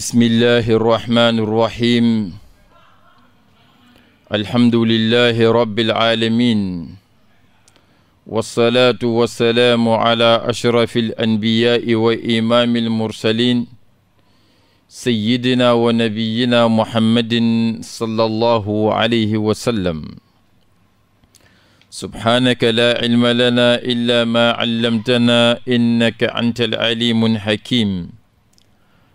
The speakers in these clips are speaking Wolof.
bismillahi irrahmani irrahim alhamdulillahi rabbil alamin wasalaatu wasalaamu ala ashrafi alanbiyaai wa imaami almursalin sayidina wa nabiyina muhammadin sallallahu alayhi wa sallam subhaanaka laa cilma lana illa ma callamtana innaka anta alcalimu alxakim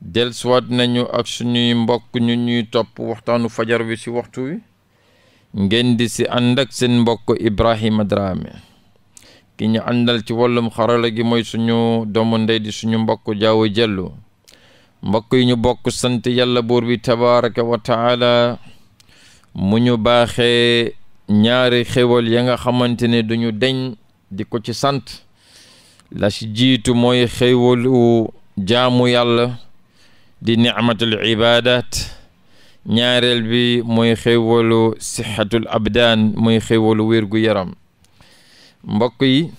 dellusiwaat nañu ak suñuy mbokk ñu ñuy topp waxtaanu fajar wi ci waxtu wi ngeen di ci ànd ak seen mbokk Ibrahima Dramé ki ñu àndal ci wàllum xarala gi mooy suñu doom ndey di suñu mbokk jaaw jellu mbokk yi ñu bokk sant yàlla buur bi tabaraka wa mu ñu baaxee ñaari xéwal ya nga xamante ne duñu deñ di ko ci sant la ci jiitu mooy xéwalu jaamu yàlla di nicmatul ibadat ñaareel bi mooy xéwalu sixatul abdaan mooy xéwalu wér yaram mbokk yi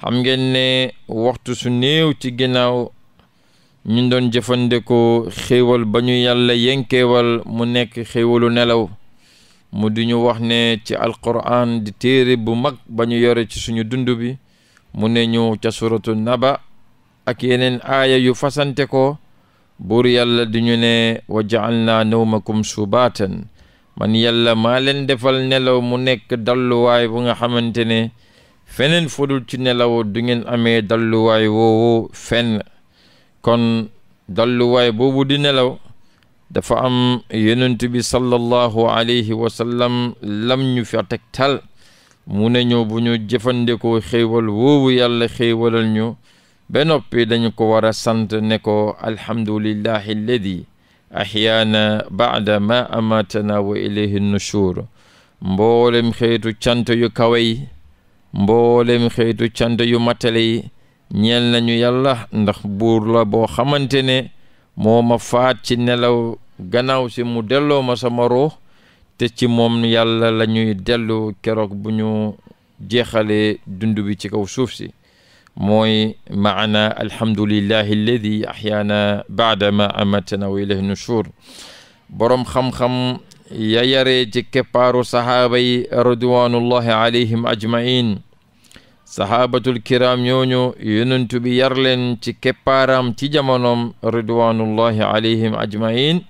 xam ngeen ne waxtu su néew ci ginnaaw ñu doon jëfandikoo xéwal ba ñu yenkeewal mu nekk xéwalu nelaw mu du wax ne ci alquran di téere bu mag ba ñu yore ci suñu dund bi mu ne ñu ca suratu naba ak yeneen aaya yu fasante ko buur yàlla di ñu ne wa ja'alnaa nawmakum subaatan man yàlla maa leen defal nelaw mu nekk dalluwaay bu nga xamante ne feneen fudul ci nelaw du ngeen amee dalluwaay woowu fenn kon dalluwaay boobu di nelaw dafa am yonent bi sallallahu alayhi wa lam ñu fi tal mu ne ñoo bu ñu jëfandikoo xéewal woowu yàlla xéewalal ñu ba noppi dañu ko war a sant ne ko alhamdulillahi alladi ahyaana baada ma amatana wa ilayhi nushur mboolem xeetu cant yu kawe yi mboolem xeetu cant yu matale yi ñeel nañu yàlla ndax buur la boo xamante ne moo ma faat ci nelaw gannaaw si mu delloo ma sama ruux te ci moom yàlla lañuy ñuy dellu keroog bu ñu jeexalee dund bi ci kaw suuf si mooy maana alhamdulillahi alladi ahyaana baadama amatana wa ilayhi nushur boroom xam-xam ya yaree ci keppaaru sahaaba yi ajmain sahabatul kiram ñooñu yonentu bi yar leen ci keppaaram ci jamonoom ridwanullahi alayhim ajmain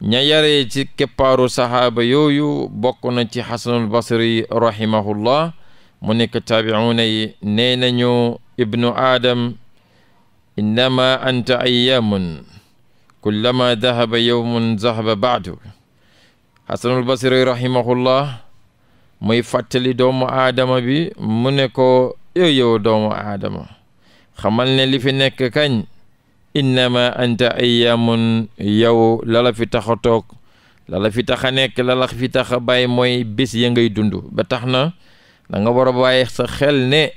ña yaree ci keppaaru sahaaba yooyu bokk na ci xasanul basri ibnu aadam innama anta ayaamun kullama dahaba yowmun zahaba baadu xasanul basri rahimahullah muy fàttali doomu aadama bi mu ne ko yow yow doomu aadama xamal ne li fi nekk kañ innama ay ayaamun yow lala fi tax toog lala fi tax nekk lala fi tax a bàyyi mooy bés ya ngay dund ba na da war a sa xel ne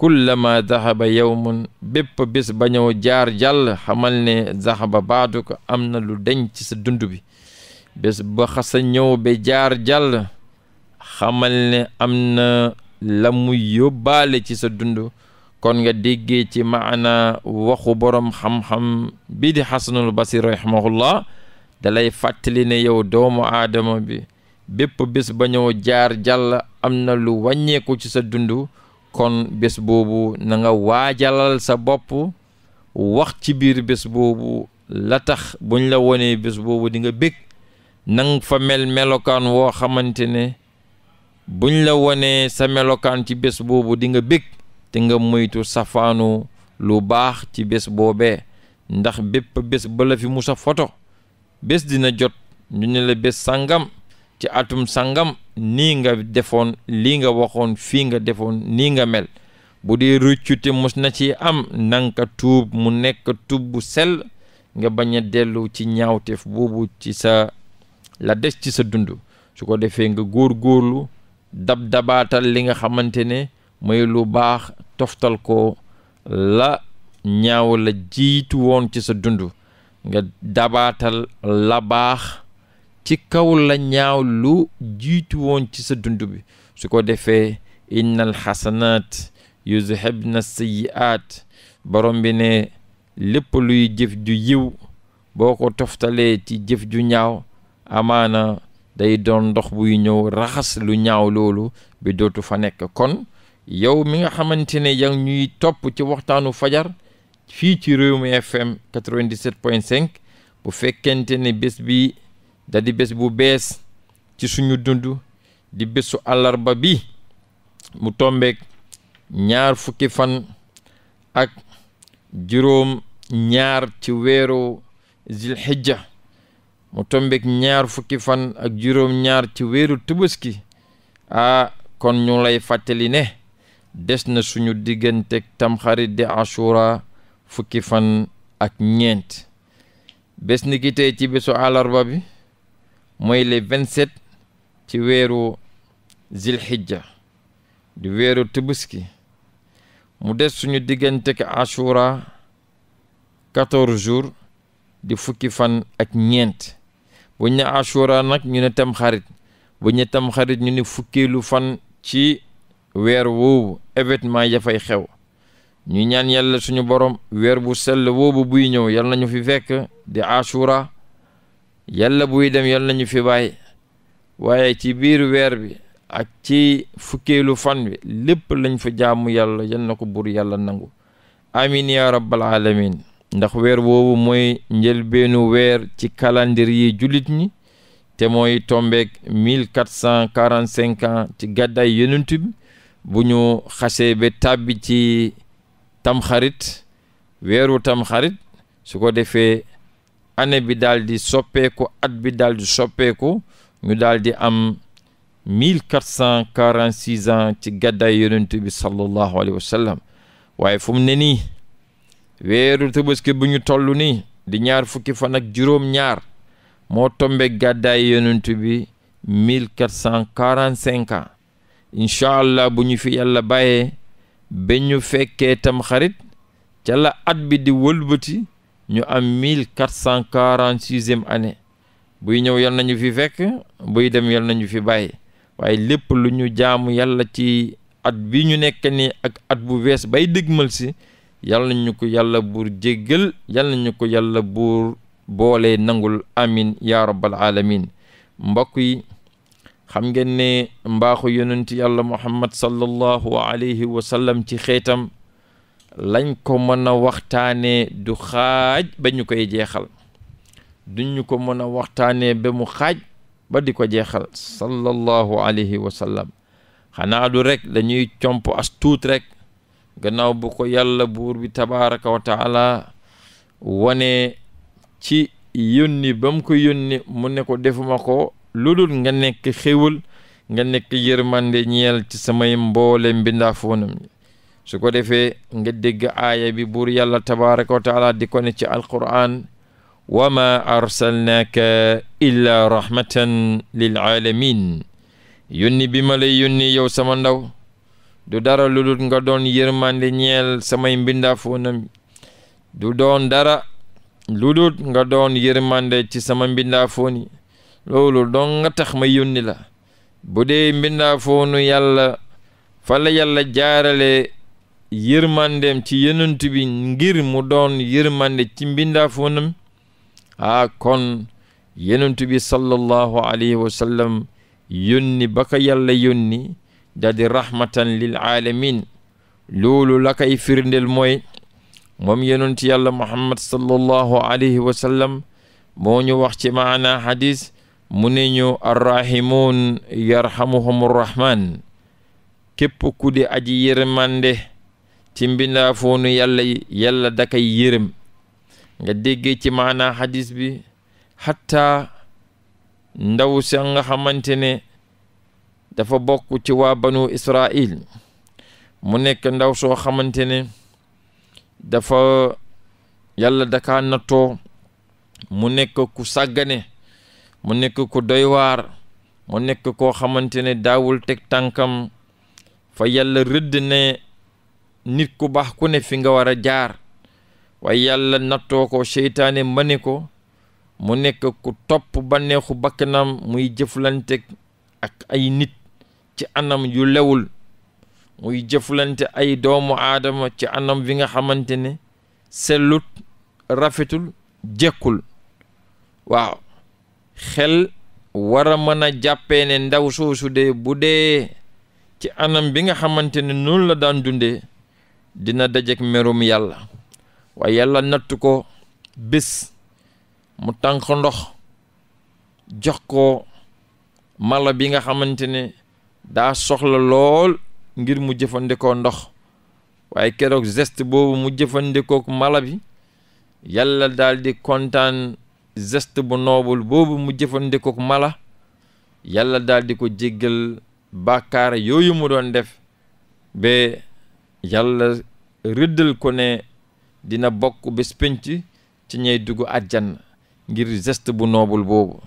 kullama dahaba yawmun bépp bés ba jaar jàll xamal ne dahaba baadu ko am na lu deñ ci sa dund bi bés ba xasa ñëw ba jaar jàll xamal ne am na la mu yóbbaale ci sa dund kon nga déggee ci maana waxu boroom xam-xam bii di xasanul basir rahimahullah dalay fàttali ne yow doomu aadama bi bépp bés ba ñëw jaar jàll am na lu wàññeeku ci sa dund kon bés boobu nanga waajalal sa bopp wax ci biir bés boobu la tax buñ la wonee bés boobu dinga bég nang fa mel melokaan woo xamante ne buñ la wonee sa melokaan ci bés boobu dinga bég te nga moytu safaanu lu baax ci bés boobee ndax bépp bés ba la fi musa foto bés dina jot ñu ne la bés sàngam ci atum sangam nii nga defoon lii nga waxoon fii nga defoon nii nga mel bu dee rëccute mos na ci am nanka tuub mu nekk tuub bu sell nga bañ a dellu ci ñaawteef boobu ci sa la des ci sa dund su ko defee nga góor-góorlu dab dabaatal li nga xamante ne mooy lu baax toftal ko la ñaaw la jiitu woon ci sa dund nga dabaatal la baax ci kaw la ñaaw lu jiitu woon ci sa dund bi su ko defee innal xasanaat yuzhibna at borom bi ne lépp luy jëf ju yiw boo ko toftalee ci jëf ju ñaaw amaana day doon ndox buy ñëw raxas lu ñaaw loolu bi dootu fa nekk kon yow mi nga xamante ne yaa ñuy topp ci waxtaanu fajar fii ci réew mi FM 97.5 bu fekkente ne bés bi da bés bu bees ci suñu dund di bésu àllarba bi mu tombeek ñaar fukki fan ak juróom ñaar ci weeru zilhijja mu tombeek ñaar ak juróom ci weeru tubaski ah kon ñu lay fàttali ne des na suñu digganteeg tamxarit di ashura fukki fan ak ñeent bés ni ci bésu àllarba bi mooy le vingt-sept ci weeru zilhijja di weeru tubuski mu des suñu diggante ak ashura quatorze jours di fukki fan ak ñeent bu ñu ashura nag ñu ne tam xarit bu ñu tam xarit ñu ne fukkeelu fan ci weer woowu événement ya fay xew ñu ñaan yàlla suñu borom weer bu sell woobu buy ñëw yàlla nañu fi fekk di ashura yàlla buy dem yalla nañu fi bàyyi waaye ci biir weer bi ak ci fukkeelu fan bi lépp lañ fa jàmm yàlla yal na ko buur yàlla nangu amin ya rabbal alamin ndax weer woowu mooy njëlbeenu weer ci kalandir yi jullit ñi te mooy tombeek mille quatre cent quarante ci gàddaay yonent bi bu ñu xasee ba tàbbi ci tamxarit weeru tamxarit su ko defee année bi daal di soppeeku at bi daal soppeeku ñu daal di am mille quatre cent quarante six ans ci gàddaay yonent bi sallallahu alayhi wa waaye fu ne nii weeru tabaski bu ñu toll nii di ñaar fukki fan ak juróom-ñaar moo tombe gàddaay yonent bi mille quatre cent quarante cinq ans incha allah bu ñu fi yàlla bàyyee ba ñu fekkee tam xarit ca la at bi di wëlbati ñu am mille quatre cent quarante sixième année buy ñëw yal nañu fi fekk buy dem yal nañu fi bàyyi waaye lépp lu ñu jaamu yàlla ci at bi ñu nekk ni ak at bu wees bay dëgmal si yal nañu ko yàlla buur jéggal yal nañu ko yàlla buur boole nangul amin ya rabbal alamin mbokk yi xam ngeen ne mbaaxu yonent yàlla muhammad sallallahu alayhi wa ci xeetam lañ ko mën a waxtaanee du xaaj ba ñu koy jeexal duñu ko mën a waxtaanee ba mu xaaj ba di ko jeexal sallallahu alayhi wa sallam xanaa du rek dañuy comp as tuut rek gannaaw bu ko yàlla buur bi tabaraka wa wane ci yónni bam ko yónni mu ne ko defuma ko lu dul nga nekk xéwal nga nekk yërmande ñeel ci samay mboole mbindaafoonam yi su ko defee nga dégg aaya bi buur yàlla tabaraka wa taala di ci alquran wa ma arsalnaaka illa rahmatan lil aalamin yónni bi ma lay yónni yow sama ndaw du dara lu dul nga doon yërmande ñeel samay mbindaafoonam du doon dara lu dul nga doon yërmande ci sama mbindaafooni loolu doon tax ma yónni la bu dee mbindaafoonu yàlla fa la yàlla jaarale yërmandeem ci yenant bi ngir mu doon yërmande ci mbindaafoonam ah kon yenant bi sallallahu alayhi wa sallam yónni ba ko yàlla rahmatan lil aalamin loolu la koy firndeel mooy moom yonent yàlla muhammad sallallahu alayhi wa sallam moo wax ci maana ne ñu yarhamuhum rahman képp ku aji yërmande ci mbindaafoonu yàlla yi yàlla da kay yërëm nga déggee ci maanaa hadis bi xataa ndaw sa nga xamante ne dafa bokk ci waa banu israil mu nekk ndaw soo xamante ne dafa yàlla dakaa nattoo mu nekk ku sàggane mu nekk ku doy waar mu nekk koo xamante ne daawul teg tànkam fa yàlla rëdd nit ku baax ku ne fi nga war a jaar waaye yàlla nattoo ko seytaane mane ko mu nekk ku topp bànneexu bakkanam muy jëflante ak ay nit ci anam yu lewul muy jëflante ay doomu aadama ci anam bi nga xamante ne sellut rafetul jekkul waaw xel war a mën a jàppee ne ndaw soosu de bu dee ci anam bi nga xamante ne noonu la daan dundee dina dajek merum yàlla waaye yàlla natt ko bés mu tànk ndox jox ko mala bi nga xamante ne daa soxla lool ngir mu jëfandikoo ndox waaye keroog geste boobu mu jëfandikoo mala bi yàlla daldi kontaan geste bu noobul boobu mu jëfandikoo mala yàlla daal ko jéggal bàkkaar yooyu mu doon def ba yàlla rëddal ko ne dina bokk bés pénc ci ñey dugg àjjan ngir geste bu noobul boobu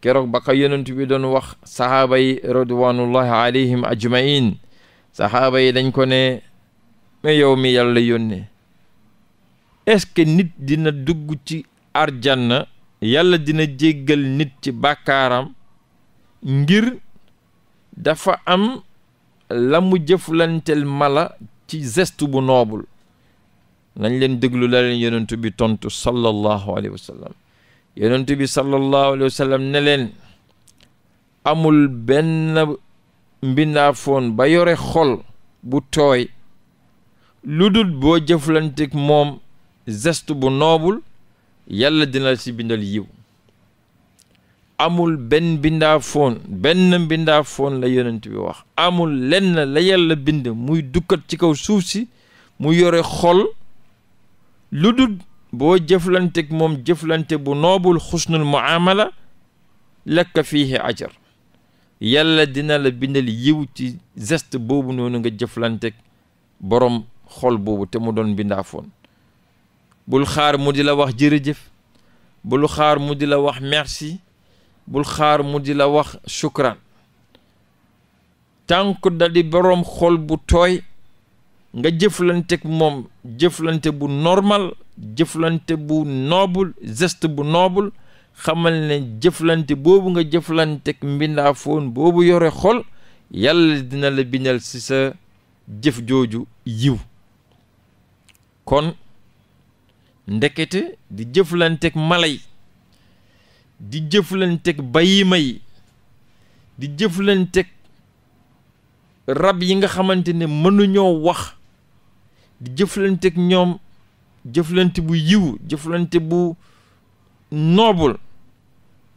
keroog ba ka yonent bi doon wax sahaaba yi radwanullahi ajmain sahaaba yi dañ ko ne mais yow mi yàlla yónne est nit dina dugg ci arjanna yàlla dina jéggal nit ci bàkkaaram ngir dafa am la mu mala ci geste bu noble nañ leen déglu la leen bi tontu sallallahu alayhi wa sallam bi sallallahu alayhi wa sallam ne leen amul benn mbindaafoon ba yore xol bu tooy lu boo jëflanteek moom geste bu noble yàlla dina la ci bindal yiw amul benn bindaafoon benn bindaafoon la yonent bi wax amul lenn la yalla bind muy dukkat ci kaw suuf si mu yore xol lu boo jëflanteek moom jëflante bu noobul xusnul muamala lakka fiihi ajar yàlla dina la bindal yiw ci gest boobu noonu nga jëflanteeg borom xol boobu te mu doon bindaafoon bul xaar mu di la wax jërëjëf bul xaar mu di la wax merci bul xaar mu di la wax shukran tànk da di boroom xol bu tooy nga jëflanteeg moom jëflante bu normal jëflante bu noble geste bu noobul xamal ne jëflante boobu nga jëflanteeg mbindaafoon boobu yore xol yàlla dina la bindal ci sa jëf jooju yiw kon ndekete di jëflanteek mala yi di jëflanteeg bayima yi di jëflanteeg rab yi nga xamante ne mënuñoo wax di jëflanteeg ñoom jëflante bu yiw jëflante bu noobul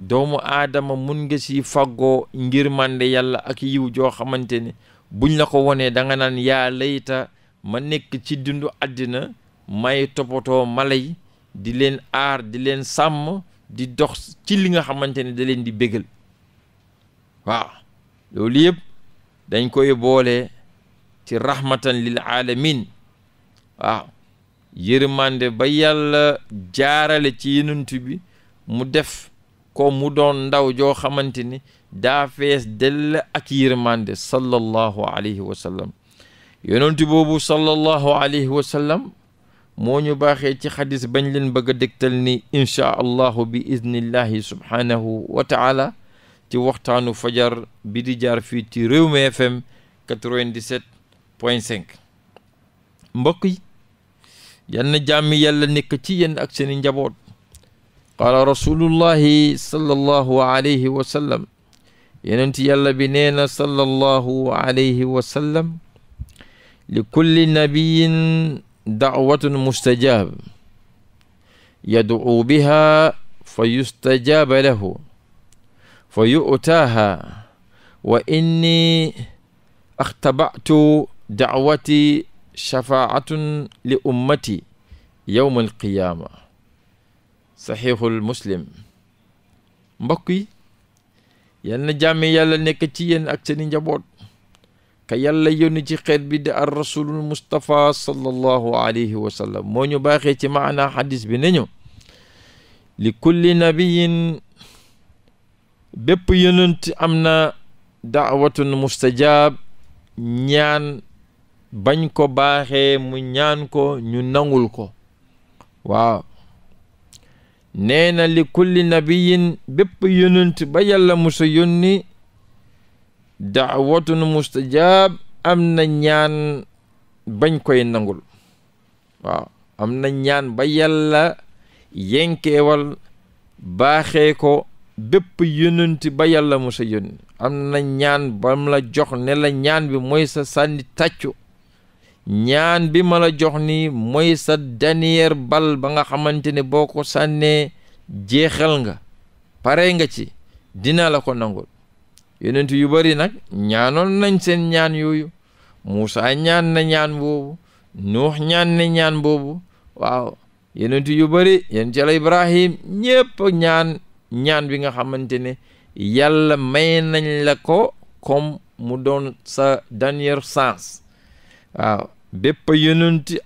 doomu aadama mun nga ci faggoo ngir mànde yàlla ak yiw joo xamante ne buñ la ko wonee danga naan yaa layta ma nekk ci dundu àddina may toppatoo mala yi di leen aar di leen sàmm di dox ci li nga xamante ne da leen di bégal waaw yëpp dañ koy boole ci rahmatan lil aalamin waaw yërmande ba yàlla jaarale ci yenant bi mu def ko mu doon ndaw joo xamante ni daa fees dell ak yërmande sallallahu alayhi wa sallam yonent boobu sallallahu alayhi wa moo ñu baaxee ci xadis bañ leen bëgg a dégtal ni inchaa allahu bi idnillahi subhaanahu wa taala ci waxtaanu fajar bi di jaar fii ci Rewmi FM 97 point 5 mbokk yi yal na jàmmi yàlla nekk ci yéen ak seeni njaboot qaala rasulullahi sallallahu alayhi wa sallam yonent yàlla bi nee na sallallahu alayhi wa sallam li kulli da'watun mustajab yad'u biha fa yustajaba lahu fa yu'taaha wa inni axtaba'tu da'wati shafaatun li ummati yowma alqiyaama saxiixul muslim mbokk yi yal na jàmm yàlla nekk ci yéen ak seeni njaboot ka yàlla yónni ci xeet bi di ar rasulul mustapha sallallahu alayhi wa moo ñu baaxee ci maanaa xadis bi ne ñu li kulli nabiyin bépp yonent am na daawatun mustajab ñaan bañ ko baaxe mu ñaan ko ñu nangul ko waaw nee li kulli nabiyin bépp yonent ba yàlla musa yónni daawatun mustajab am na ñaan bañ koy nangul waaw am na ñaan ba yàlla yenkeewal baaxee ko bépp yónnanti ba yàlla musa yónni am na ñaan bam la jox nela ñaan bi mooy sa sànni tàccu ñaan bi ma la jox ni mooy sa dernière bal ba nga xamante ne boo ko sànnee jeexal nga pare nga ci dina la ko nangul yonent yu bari nag ñaanoon nañ seen ñaan yooyu Muusa ñaan na ñaan boobu Nuux ñaan na ñaan boobu waaw yonent yu bari yonent Yàlla Ibrahim ñépp ñaan ñaan bi nga xamante ne yàlla may nañ la ko comme mu doon sa dernier sens waaw bépp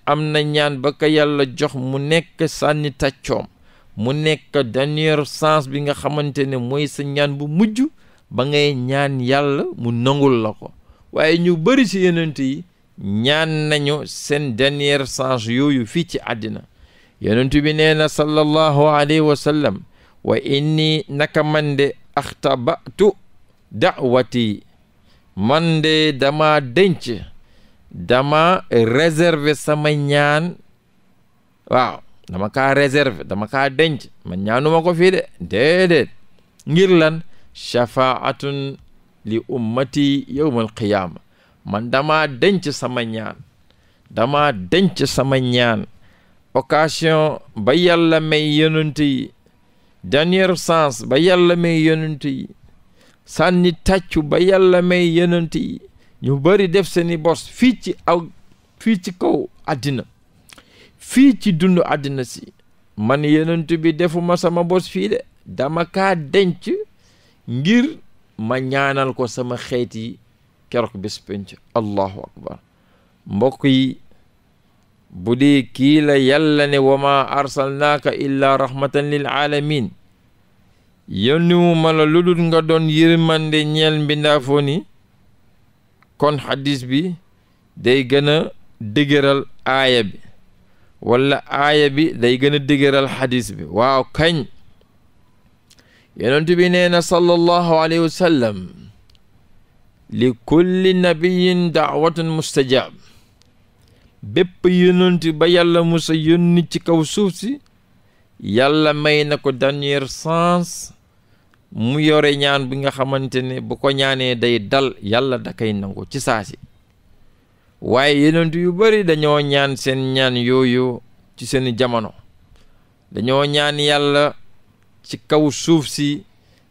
am na ñaan ba ko yàlla jox mu nekk sànni tàccoom mu nekk dernier sens bi nga xamante ne mooy sa ñaan bu mujj ba ngay ñaan yàlla mu nangul la ko waaye ñu bari ci yonent yi ñaan nañu seen dernière chance yooyu fii ci àddina yonent bi nee na sallallahu alayhi wa wa inni naka man de axtabatu da'wati man de dama denc dama réserver sama ñaan waaw dama kaa réserver dama kaa denc man ñaanuma ko fii de déedéet ngir lan shafaatun li ummati yowmal qiyaama man dama denc sama ñaan dama denc sama ñaan occasion ba yàlla may yonent yi dernière chance ba yàlla may yonent yi sànni tàccu ba yàlla may yonent yi ñu bari def seeni bos fii ci aw fii ci kaw àddina fii ci dund àddina si man yonent bi defuma sama bos fii de dama kaa denc ngir ma ñaanal ko sama xeet yi keroog bés penc allahu akbar mbokk yi bu dee kii la yàlla ne wa maa arsalnaaka illaa rahmatan lil aalamin yónniwu ma lu dul nga doon yërmande ñeel mbindaafoo kon xadis bi day gën a dëgëral aaya bi wala aaya bi day gën dëgëral xadis bi waaw kañ yonent bi nee na sallallahu alayhi wa sallam li kulli nabiyin daawatun mustajab bépp yonent ba yàlla musa yónni ci kaw suuf si yàlla may na ko dernier sens mu yore ñaan bi nga xamante ne bu ko ñaanee day dal yàlla da koy nangu ci saa si waaye yonent yu bari dañoo ñaan seen ñaan yooyu ci seen jamono dañoo ñaan yàlla ci kaw suuf si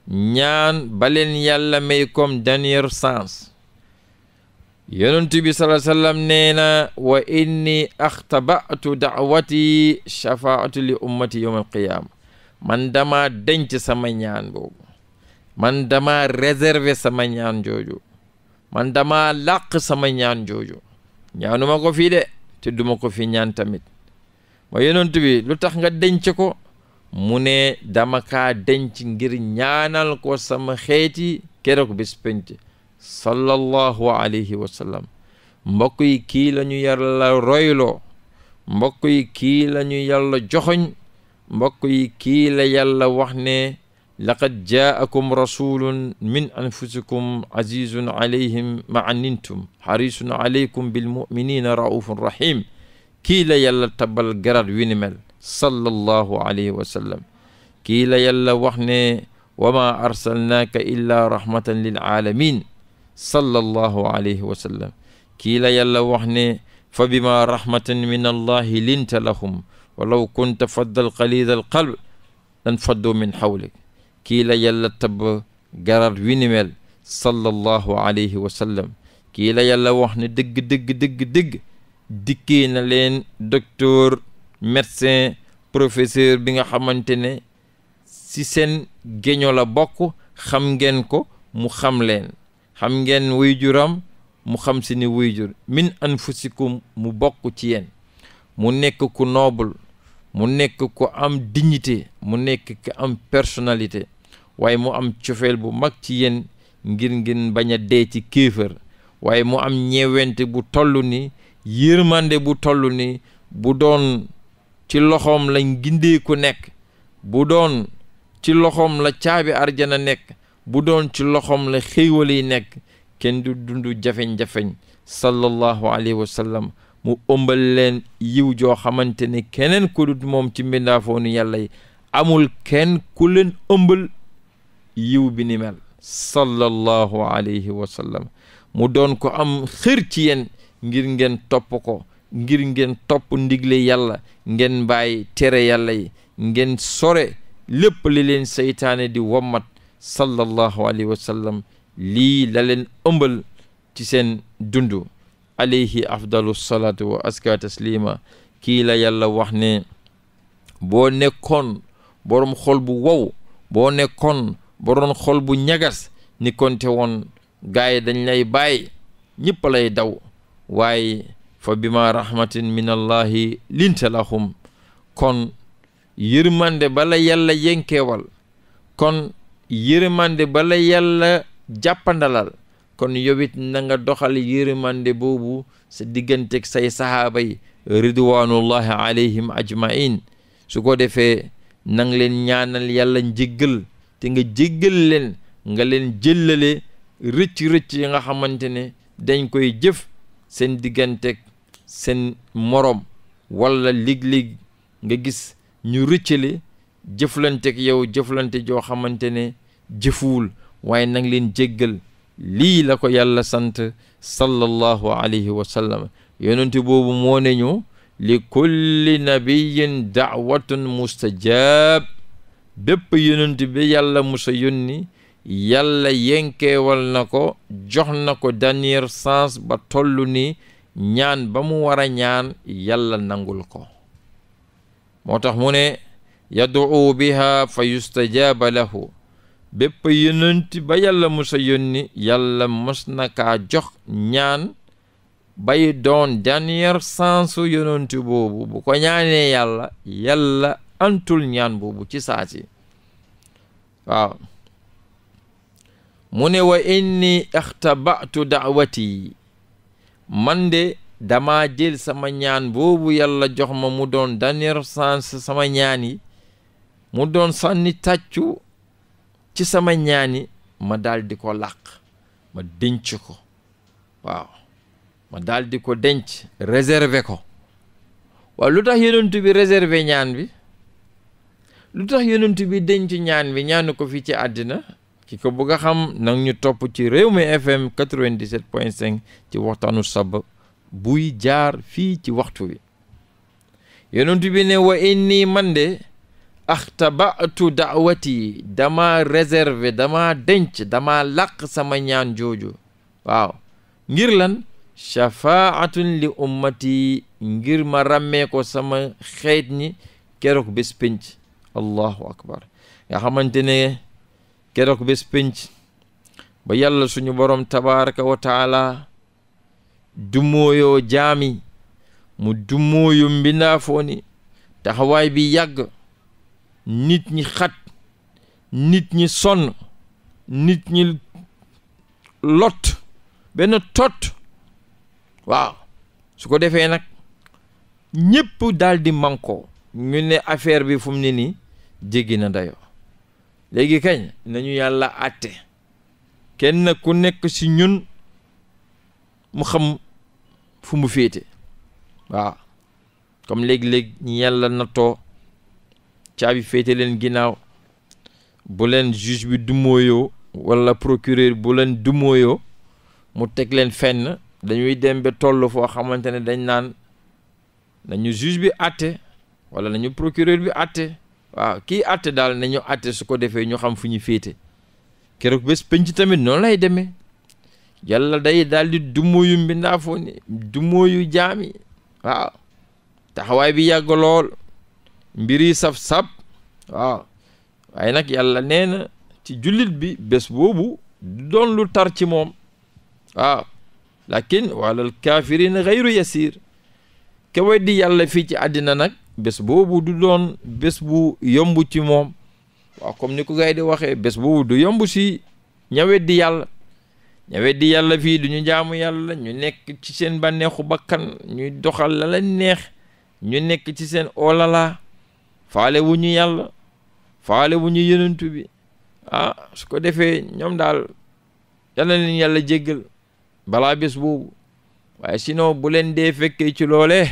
ñaan balen yàlla may comme dernier sens yonent bi salaa sallam nee na wa inni axtabatu daawati shafaatu li ummati yowm alqiyaama man dama denc sama ñaan boobu man dama réserver sama ñaan jooju man dama làq sama ñaan jooju ñaanuma ko fii de te duma ko fi ñaan tamit ma yonent lu tax nga denc ko mu ne dama kaa denc ngir ñaanal ko sama xeeti keroog bis penc alayhi wa sallam mbokk yi kii la ñu yàlla royloo mbokk yi kii la ñu yàlla joxoñ mbokk yi kii la yàlla wax ne laqad jaakum rasulun min anfusikum azizun alayhim ma anintum harisun alaykum bilmuminina raufun rahim kii la yàlla tabal garat wi sallallahu alayhi wa sallam kii la yàlla wax ne wa maa arsalnaaka illaa rahmatan lil aalamin sallallahu alayhi wa sallam kii la yàlla wax ne fa bimaa rahmatan min allahi linta lahum walaw kunta faddal qalida al qalb lan faddu min xawlik kii la yàlla tabb garat wi ni mel sallallahu alayhi wa sallam kii la yàlla wax ne dëgg dëgg dëgg dëgg dikkee na leen docteur médecin professeur bi nga xamante ne ci seen géño la bokk xam ngeen ko mu xam leen xam ngeen wuy juram mu xam si ni wuyjur min anfusikum mu bokk ci yéen mu nekk ku noble mu nekk ku am dignité mu nekk ku am personnalité waaye mu am cofeel bu mag ci yéen ngir ngeen bañ a dee ci kéefër waaye mu am ñeewente bu toll ni yërmande bu toll ni bu doon ci loxoom la gindee ku nekk bu doon ci loxoom la caabi arjana nekk bu doon ci loxoom la xéewal yi nekk kenn du dund jafeñ-jafeñ sallallahu alayhi wa mu ëmbal leen yiw joo xamante ne keneen ku dut moom ci mbindaafoonu yàlla yi amul kenn ku leen ëmbal yiw bi ni mel sallallahu alayhi wa mu doon ko am xër ci ngir ngeen topp ko ngir ngeen topp ndigle yàlla ngeen bàyyi tere yàlla yi ngeen sore lépp li leen seytaane di wommat sallallahu alayhi wa sallam lii la leen ëmbal ci seen dundu alayhi afdalu salaatu wa aska taslima kii la yàlla wax ne boo nekkoon boroom xol bu wow boo nekkoon boroom xool bu ñagas ni konte woon gaay dañ lay bàyyi ñëpp lay daw waaye fa bima rahmatin min allahi linta lahum kon yërmande bala yàlla yenkeewal kon bala yàlla jàppandalal kon yowit na nga doxal yërmande boobu sa digganteeg say sahaaba yi ridwanullahi alayhim ajmain su ko defee nang leen ñaanal yàlla njéggal te nga jéggal leen nga leen jëllale rëcc-rëcc yi nga xamante ne dañ koy jëf seen diggante seen moroom walla léeg-léeg nga gis ñu rëccale jëflante ak yow jëflante joo xamante ne jëfuwul waaye nang leen jéggal lii la ko yàlla sant sallallahu alayhi wa sallam yonente boobu moo ne ñu li kulli nabiyin daawatun mustajab bépp yonent bi yàlla musa yónni yàlla yenkeewal na ko jox na ko dernier sens ba toll ni ñaan ba mu wara ñaan yàlla nangul ko moo tax mu ne yad'u biha fa yustajaaba lahu bépp yonent ba yàlla musa yónni yàlla mos na jox ñaan bay doon dernière sansu yonent boobu bu ko ñaanee yàlla yàlla antul ñaan boobu ci saasi waaw mu ne wa inni ixtabatu da'wati man de dama jël sama ñaan boobu yàlla jox ma mu doon dernière chance sama ñaan yi mu doon sànni tàccu ci sama ñaan yi ma daal di ko làq ma denc ko waaw ma daal di ko denc réserver ko waaw lu tax yonent bi réserver ñaan bi lu tax yonent bi denc ñaan bi ñaanu ko fii ci àddina ki ko bëgg xam nag ñu topp ci réew mi fm 97.5 ci waxtaanu sab buy jaar fii ci waxtu wi yonent bi ne wa inni man de axtabatu daawati dama réserver dama denc dama làq sama ñaan jooju waaw ngir lan shafaatun li ummati ngir ma ràmmee ko sama xeet ñi keroog bés pénc allahu akbar nga xamante ne keroog bés pénc ba yàlla suñu borom tabaraka wa taala dumóoyoo jaami mu dumóoyu mbindaafoo ni taxawaay bi yàgg nit ñi xat nit ñi sonn nit ñi lot benn tot waaw su ko defee nag ñépp daldi di mankoo ñu ne bi fum mu ne nii jéggi na dayoo léegi kañ nañu yàlla àtte kenn ku nekk ci ñun mu xam fu mu féete waaw comme léeg-léeg ñi yàlla nattoo caabi féete leen ginnaaw bu leen juge bi dumóoyoo walla procureur bu leen dumóoyoo mu teg leen fenn dañuy dem ba toll foo xamante ne dañ naan nañu juge bi àtte wala nañu procureur bi àtte waaw kii àtte daal na ñu àtte su ko defee ñu xam fu ñu féete keroog bés penc tamit noonu lay demee yàlla day daal di dumóoyu mbindaafoo ni jaami waaw taxawaay bi yàgg lool mbir yi saf-saf waaw nag yàlla nee na ci jullit bi bés boobu doon lu tar ci moom waaw lakin walal kaafiriin xayru yasiir ke weddi yàlla fii ci àddina nag bés boobu du doon bés bu yomb ci moom waaw comme ni ko gars di waxee bés boobu du yomb si ñawet di yàlla ñawet di yàlla fii du ñu jaamu yàlla ñu nekk ci seen bànneexu bakkan ñuy doxal la neex ñu nekk ci seen olala faale wu ñu yàlla faale wu ñu yenentu bi ah su ko defee ñoom daal yal yàlla jéggal balaa bés boobu waaye sinon bu leen dee fekkee ci loolee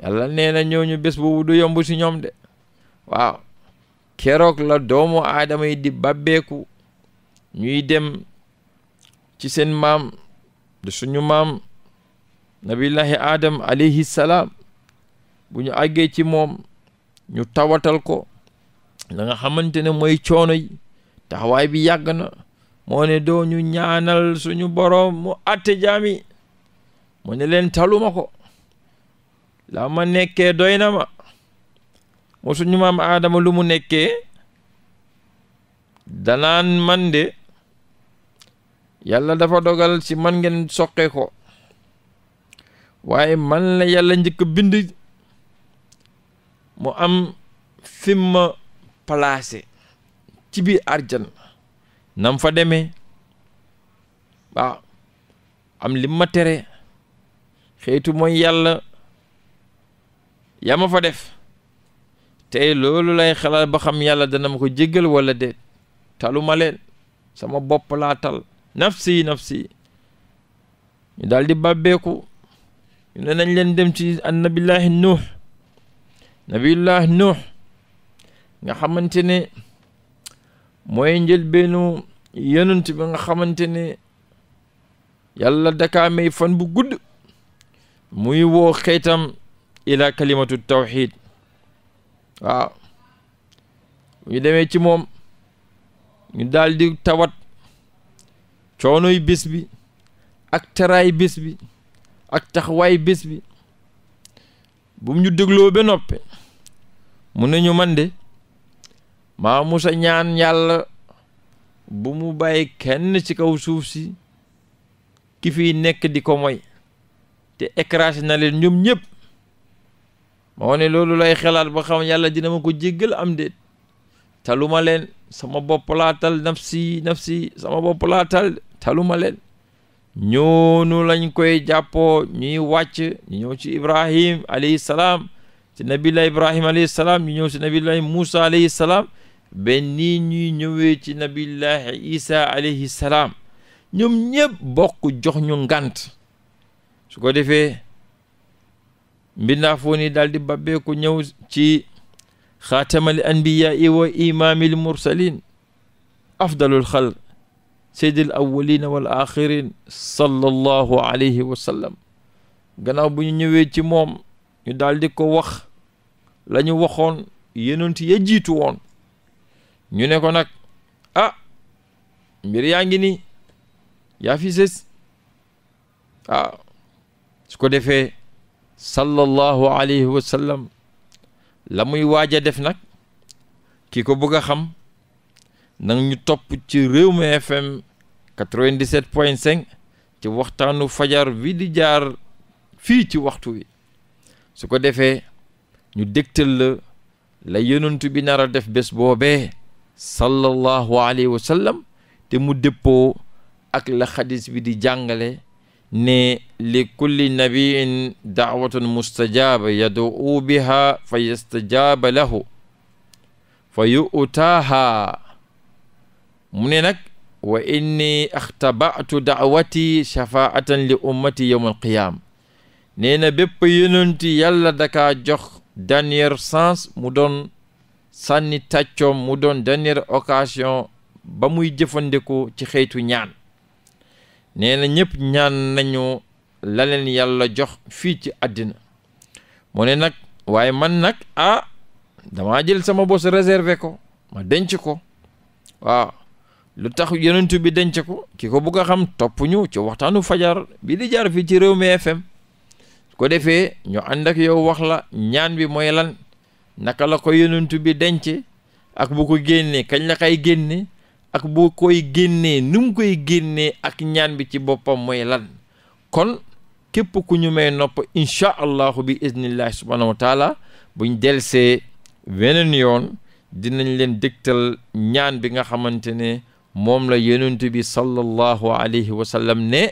yàlla nee na ñooñu bés boobu du yomb si ñoom de waaw keroog la doomu aadama yi di babbeeku ñuy dem ci seen maam de suñu maam nabillahi adam alayhi salaam bu ñu àggee ci moom ñu tawatal ko la nga xamante ne mooy coono yi taxawaay bi yàgg na moo ne doo ñu ñaanal suñu boroom mu àtte jaami mu ne leen taluma ko la ma nekkee doy na ma moo maam aadama lu mu nekkee danaan man de yàlla dafa dogal si man ngeen soqe ko waaye man la yàlla njëkk bind mu am fi palaase placé ci biir arjan nam fa demee waaw am li ma tere xeetu mooy yaa ma fa def tey loolu lay xalaat ba xam yàlla dana ma ko jéggal wala déet taluma leen sama bopp laa tal nafsi nafsi ñu daal di bàbbeeku ñu ne nañ leen dem ci annabillaahi nuux nabiyullaahi nuux nga xamante ne mooy njëlbeenu yonent bi nga xamante ne yàlla dakaa fan bu gudd muy woo xeetam ila kalimatu tawxiit waaw ñu demee ci moom ñu daldi tawat coonoy bés bi ak taraay bés bi ak taxawaay bés bi bu ñu dégloo ba noppe mun ne ñu man de maa musa ñaan yàlla bu mu bàyyi kenn ci kaw suuf si ki fiy nekk di ko moy te écrasé na leen ñoom ñëpp moo ne loolu lay xalaat ba xam yàlla dina ma ko jiggal am déet taluma sama bopplaatal laa tal nafsi nafsi sama bopplaatal laa tal taluma leen ñoonu lañ koy jàppoo ñuy wàcc ñu ñëw ci ibrahim alayhi salaam ci nabillahi ibrahim alayhi salaam ñu ñëw ci nabillahi moussa alayhi salaam benn nii ñuy ñëwee ci nabillahi isa alayhi ñoom ñëpp bokk jox ñu ngant su ko defee mbindaafoon yi daal di babbeeku ñëw ci xaatamal anbiyaa wa imaamil mursalin afdalul xalq seydil awwalina wal axirin sallallahu alayhi wa sallam gannaaw bu ñu ñëwee ci moom ñu daldi ko wax lañu ñu waxoon yonent ya jiitu ñu ne ko nag ah mbir yaa ngi ni yaa fi sës ah su ko defee sallallahu alayhi wa la muy waaj a def nag ki ko bëgg a xam nag ñu topp ci réew Rewmi FM 97 point 5 ci waxtaanu fajar wi di jaar fii ci waxtu wi su ko defee ñu dégtal la la yonentu bi nara def bés boobee sallallahu alayhi wa te mu dëppoo ak la xadis bi di jàngale ne li kulli nabiin daawatun mustajaaba yaduu biha fa yastajaaba lahu fa yu'taaha mu ne nag wa inni axtabatu daawati shafaatan li ummati yowm alqiyaama nee na bépp yonenti yalla daka jox dernier sens mu doon sànni tàccoom mu doon dernière occasion ba muy jëfandiku ci xeetu ñaan nee na ñëpp ñaan nañu la yàlla jox fii ci àddina moo ne nag waaye man nag ah damaa jël sama bos réservé ko ma denc ko waaw lu tax yonentu bi denc ko ki ko bugg a xam toppuñu ci waxtaanu fajar bi di jaar fii ci réew mi FM ko defee ñu ànd yow wax la ñaan bi mooy lan naka la ko yonentu bi denc ak bu ko génnee kañ la kay génne ak boo koy génnee nu koy génnee ak ñaan bi ci boppam mooy lan kon képp ku ñu may nopp incha allahu bi iznillahi subhaanahu wa taala buñ delsee weneen yoon dinañ leen dégtal ñaan bi nga xamante ne moom la yonent bi sallallahu alayhi wa ne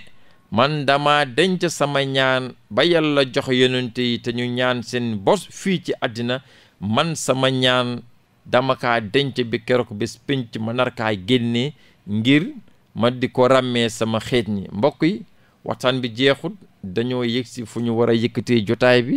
man dama denc sama ñaan ba yàlla jox yonent yi te ñu ñaan seen bos fii ci àddina man sama ñaan dama ka denc bi keroog bés pénc ma nar kaa génnee ngir ma di ko ràmmee sama xeet ñi mbokk yi waxtaan bi jeexut dañoo yëg si fu ñu war a yëkkatee jotaay bi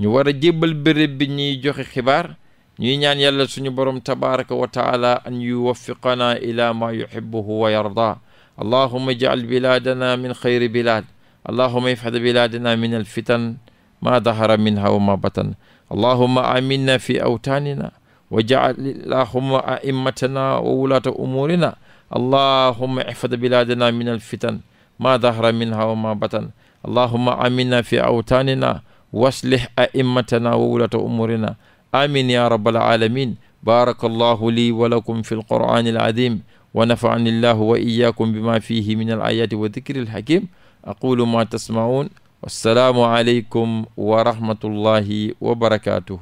ñu war a jébbal béréb bi ñuy joxe xibaar ñuy ñaan yàlla suñu borom tabaraka wa taala an yuwaffiqana ila ma yuhibbuhu wa yarda allahuma ij'al biladana min xayri bilad allahuma ifhad biladana min alfitan ma dahara minha wa ma batan allahuma aminna fi awtanina wa jaal allahumma aimmatana wa wulaata umuurina allahumma ihfad bilaadana min alfitan ma dahra minha wa ma batan allahumma amina fi awtaanina waslih aimmatana wa wulaata umuurina amin ya rabbal alamin baraka allahu lii wa lakum fi alqur'ani alazim wa nafa'ani allahu wa iyyakum bima fihi min alayati wa dhikri alhakim aqulu ma tasma'un wassalaamu aleykum wa rahmatullahi wa barakatuh